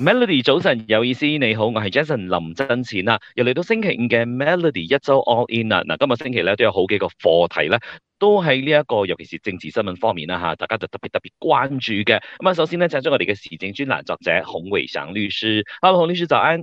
Melody 早晨，有意思，你好，我係 Jason 林真前。啦，又嚟到星期五嘅 Melody 一周 All In 啦，今日星期都有好幾個課題都係呢一個，尤其是政治新聞方面，大家就特別特別關注嘅，首先咧就我哋嘅時政專欄作者孔維祥律師，Hello，孔律師早安。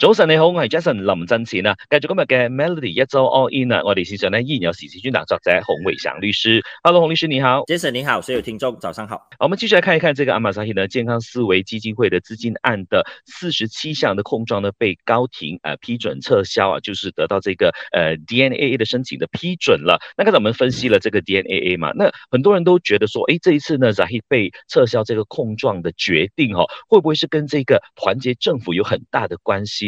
早晨你好，我係 Jason 林振前啊，繼續今日嘅 Melody 一周 All In 啊，我哋線上咧依然有時事專欄作者洪偉祥律師，Hello 洪律師你好，Jason 你好，所有聽眾早上好，好，我們繼續來看一看這個阿末扎希呢健康思維基金會的資金案的四十七項的控狀呢被高庭呃、啊、批准撤銷啊，就是得到這個呃 DNAA 的申請的批准了。那剛才我們分析了這個 DNAA 嘛，那很多人都覺得說，誒、欸，這一次呢扎希被撤銷這個控狀的決定哦、啊，會不會是跟這個團結政府有很大的關係？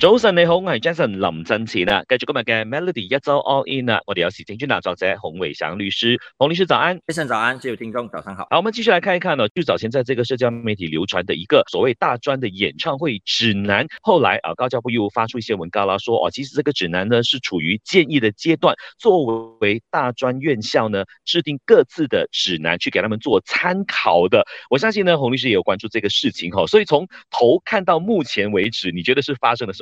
早晨你好，我係 Jason 林振呢啦，繼續今日嘅 Melody 一周 All In 啦，我哋有事正專欄作者洪偉祥律師，洪律師早安先生，早安，各位聽眾早上好，好，我們繼續來看一看呢，就早前在這個社交媒體流傳的一個所謂大專的演唱會指南，後來啊，高教部又發出一些文告啦，說哦、啊，其實這個指南呢是處於建議的階段，作為大專院校呢制定各自的指南去給他們做參考的，我相信呢，洪律師也有關注這個事情哈、哦，所以從頭看到目前為止，你覺得是發生了什